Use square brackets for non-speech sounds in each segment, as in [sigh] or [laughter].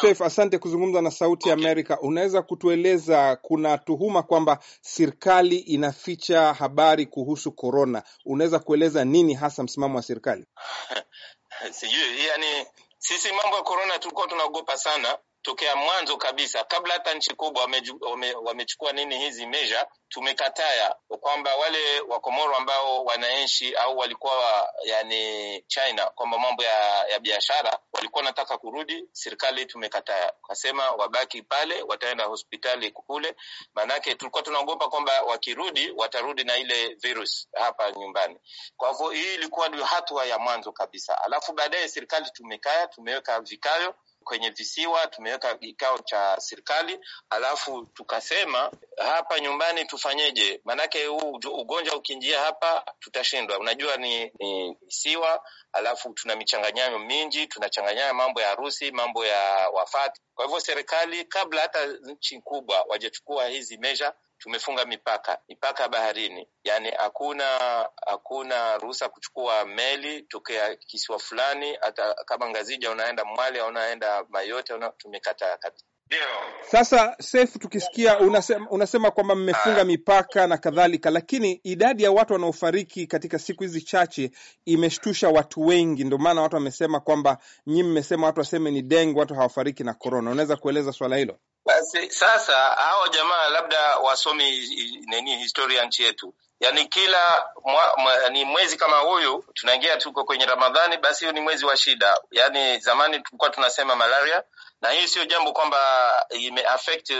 Sheif, asante kuzungumza na Sauti ya Amerika. Unaweza kutueleza, kuna tuhuma kwamba serikali inaficha habari kuhusu korona. Unaweza kueleza nini hasa msimamo wa serikali? [laughs] Sijui, yani sisi mambo ya korona tulikuwa tunaogopa sana, tokea mwanzo kabisa, kabla hata nchi kubwa wamechukua wame, wame nini hizi meja, tumekataya kwamba wale Wakomoro ambao wanaishi au walikuwa yani China, kwamba mambo ya, ya biashara walikuwa wanataka kurudi, serikali tumekataya, kasema wabaki pale, wataenda hospitali kule, maanake tulikuwa tunaogopa kwamba wakirudi watarudi na ile virus hapa nyumbani. Kwa hivyo hii ilikuwa ndio hatua ya mwanzo kabisa, alafu baadaye serikali tumekaya tumeweka vikayo kwenye visiwa, tumeweka kikao cha serikali, alafu tukasema hapa nyumbani tufanyeje, maanake huu ugonjwa ukiingia hapa tutashindwa. Unajua ni, ni visiwa, alafu tuna michanganyano mingi, tunachanganyana mambo ya harusi, mambo ya wafati. Kwa hivyo serikali kabla hata nchi kubwa wajachukua hizi measure tumefunga mipaka, mipaka baharini, yani hakuna hakuna ruhusa kuchukua meli tokea kisiwa fulani, hata kama Ngazija unaenda Mwale au unaenda Mayote una, tumekataa kabisa. Sasa Seif, tukisikia unasema, unasema kwamba mmefunga mipaka na kadhalika, lakini idadi ya watu wanaofariki katika siku hizi chache imeshtusha watu wengi. Ndio maana watu wamesema kwamba nyinyi mmesema watu waseme ni dengue, watu hawafariki na korona. Unaweza kueleza swala hilo? Basi sasa hao jamaa labda wasomi nini historia nchi yetu Yani kila mwa, mwa, ni mwezi kama huyu tunaingia, tuko kwenye Ramadhani, basi hiyo ni mwezi wa shida. Yani zamani tulikuwa tunasema malaria, na hii sio jambo kwamba imeaffect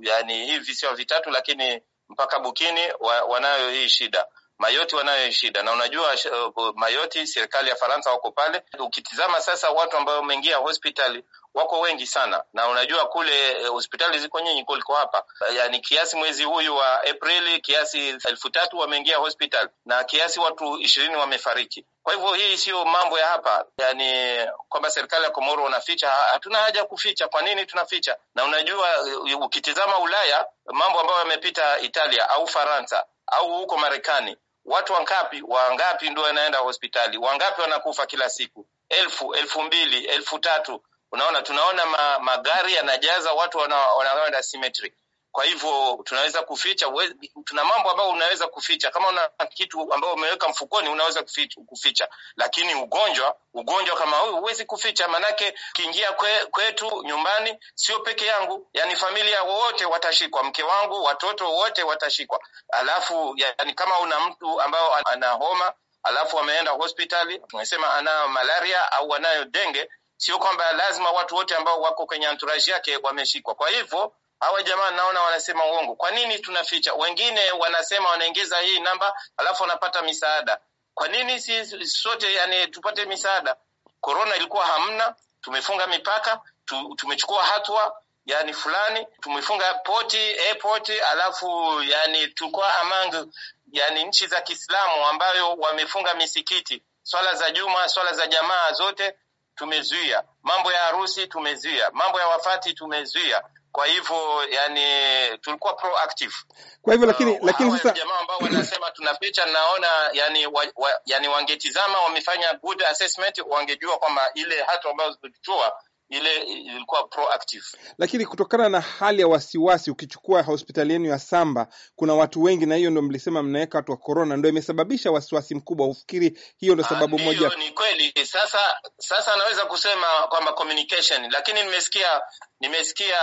yani hii visiwa vitatu, lakini mpaka Bukini wa, wanayo hii shida Mayoti wanayo shida na unajua, uh, Mayoti serikali ya Faransa wako pale. Ukitizama sasa, watu ambao wameingia hospitali wako wengi sana, na unajua kule eh, hospitali ziko nyingi kuliko hapa. Eh, yani kiasi mwezi huyu wa Aprili kiasi elfu tatu wameingia hospital na kiasi watu ishirini wamefariki. Kwa hivyo hii siyo mambo ya hapa, yani kwamba serikali ya Komoro wanaficha. Hatuna haja kuficha. Kwa nini tunaficha? Na unajua eh, ukitizama Ulaya, mambo ambayo yamepita Italia au Faransa au huko Marekani, watu wangapi wangapi ndio wanaenda hospitali, wangapi wanakufa kila siku? Elfu, elfu mbili, elfu tatu Unaona, tunaona ma, magari yanajaza watu wanaenda cemetery. Kwa hivyo tunaweza kuficha, tuna mambo ambayo unaweza kuficha. Kama una kitu ambayo umeweka mfukoni, unaweza kuficha, lakini ugonjwa ugonjwa kama huu huwezi kuficha, manake kiingia kwe, kwetu nyumbani, sio peke yangu, yani familia wote watashikwa, mke wangu, watoto wote watashikwa. Alafu yani kama una mtu ambao ana homa alafu ameenda hospitali, tunasema ana malaria au anayo denge sio kwamba lazima watu wote ambao wako kwenye anturaji yake wameshikwa. Kwa hivyo hawa jamaa naona wanasema uongo. Kwa nini tunaficha? Wengine wanasema wanaingiza hii namba alafu wanapata misaada. Kwa nini si sote yani tupate misaada? Korona ilikuwa hamna, tumefunga mipaka tu, tumechukua hatua yani fulani, tumefunga poti airport, alafu yani tulikuwa among yani nchi za Kiislamu ambayo wamefunga misikiti, swala za juma, swala za jamaa zote tumezuia mambo ya harusi, tumezuia mambo ya wafati, tumezuia. Kwa hivyo yani tulikuwa proactive. Kwa hivyo lakini, uh, lakini sasa jamaa ambao wanasema tuna picha, naona yani, wa, wa, yani wangetizama wamefanya good assessment, wangejua kwamba ile hatu ambayo tulitoa ile ilikuwa proactive. Lakini kutokana na hali ya wasiwasi, ukichukua hospitali yenu ya Samba kuna watu wengi, na hiyo ndo mlisema mnaweka watu wa korona, ndo imesababisha wasiwasi mkubwa. Ufikiri hiyo ndo ah, sababu moja? Ni kweli. Sasa sasa naweza kusema kwamba communication, lakini nimesikia nimesikia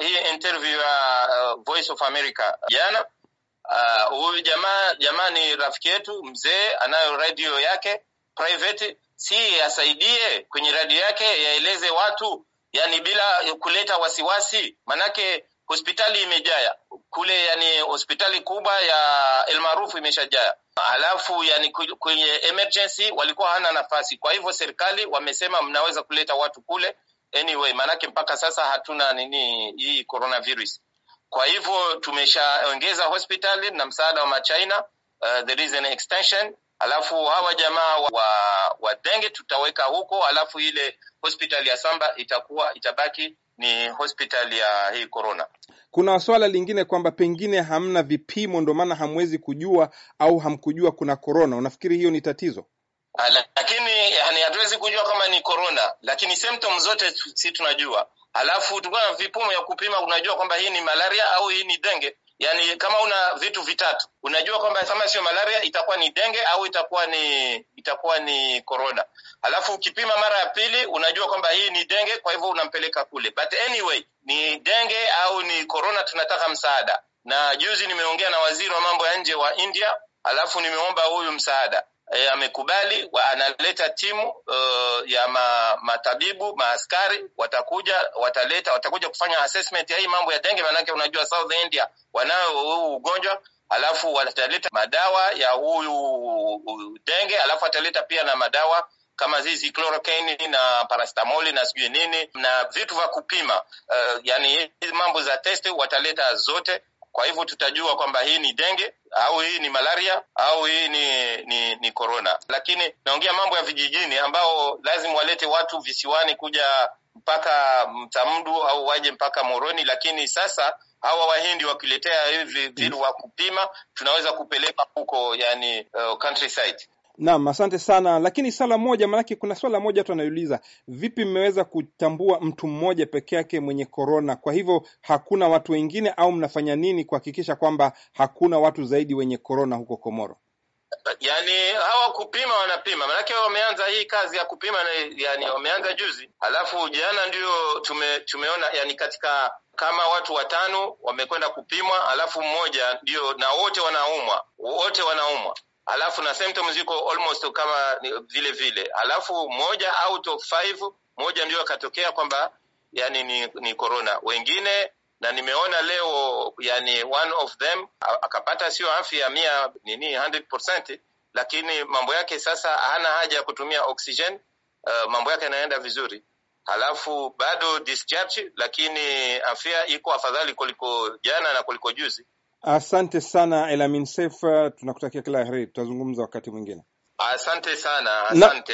hii interview ya uh, Voice of America jana. Ah, huyu uh, jamaa jamaa ni rafiki yetu mzee, anayo radio yake private si asaidie kwenye radio yake yaeleze watu, yani bila kuleta wasiwasi, manake hospitali imejaya kule, yani hospitali kubwa ya elmaarufu imeshajaya alafu yani kwenye emergency walikuwa hana nafasi. Kwa hivyo serikali wamesema mnaweza kuleta watu kule anyway, manake mpaka sasa hatuna nini hii coronavirus. Kwa hivyo tumeshaongeza hospitali na msaada wa machina, uh, there is an extension alafu hawa jamaa wa, wa denge tutaweka huko, alafu ile hospitali ya Samba itakuwa itabaki ni hospitali ya hii corona. Kuna swala lingine kwamba pengine hamna vipimo, ndio maana hamwezi kujua au hamkujua kuna corona. Unafikiri hiyo ni tatizo? Ah, lakini yani, hatuwezi kujua kama ni corona, lakini symptom zote si tunajua, alafu tulikuwa na vipimo ya kupima, unajua kwamba hii ni malaria au hii ni denge yani kama una vitu vitatu unajua kwamba kama sio malaria itakuwa ni denge au itakuwa ni itakuwa ni korona alafu ukipima mara ya pili unajua kwamba hii ni denge kwa hivyo unampeleka kule but anyway ni denge au ni korona tunataka msaada na juzi nimeongea na waziri wa mambo ya nje wa India alafu nimeomba huyu msaada e, amekubali wa analeta timu uh, ya ma, matabibu maaskari watakuja wataleta watakuja kufanya assessment ya hii mambo ya denge, maanake unajua South India wanayo huu ugonjwa alafu wataleta madawa ya huyu denge, alafu wataleta pia na madawa kama zizi chloroquine na parastamoli na sijui nini na vitu vya kupima uh, yani hizi mambo za testi wataleta zote kwa hivyo tutajua kwamba hii ni denge au hii ni malaria au hii ni ni, ni korona. Lakini naongea mambo ya vijijini, ambao lazima walete watu visiwani kuja mpaka Mtamdu au waje mpaka Moroni, lakini sasa hawa Wahindi wakiletea hivi viru wa kupima tunaweza kupeleka huko, yani uh, countryside. Naam, asante sana. Lakini swala moja, maanake kuna swala moja watu wanaiuliza, vipi mmeweza kutambua mtu mmoja peke yake mwenye korona? Kwa hivyo hakuna watu wengine, au mnafanya nini kuhakikisha kwamba hakuna watu zaidi wenye korona huko Komoro? Yaani hawa kupima wanapima, maanake wameanza hii kazi ya kupima na, yani wameanza juzi, alafu jana ndio tume, tumeona yani katika kama watu watano wamekwenda kupimwa, alafu mmoja ndio, na wote wanaumwa, wote wanaumwa alafu na symptoms ziko almost kama vile vile, alafu moja out of five, moja ndio akatokea kwamba yani ni, ni corona. Wengine na nimeona leo yani one of them akapata sio afya mia nini 100%, lakini mambo yake sasa hana haja ya kutumia oxygen. Uh, mambo yake yanaenda vizuri, halafu bado discharge, lakini afya iko afadhali kuliko jana na kuliko juzi Asante sana Elamin Sefa, tunakutakia kila heri, tutazungumza wakati mwingine. Asante sana, asante.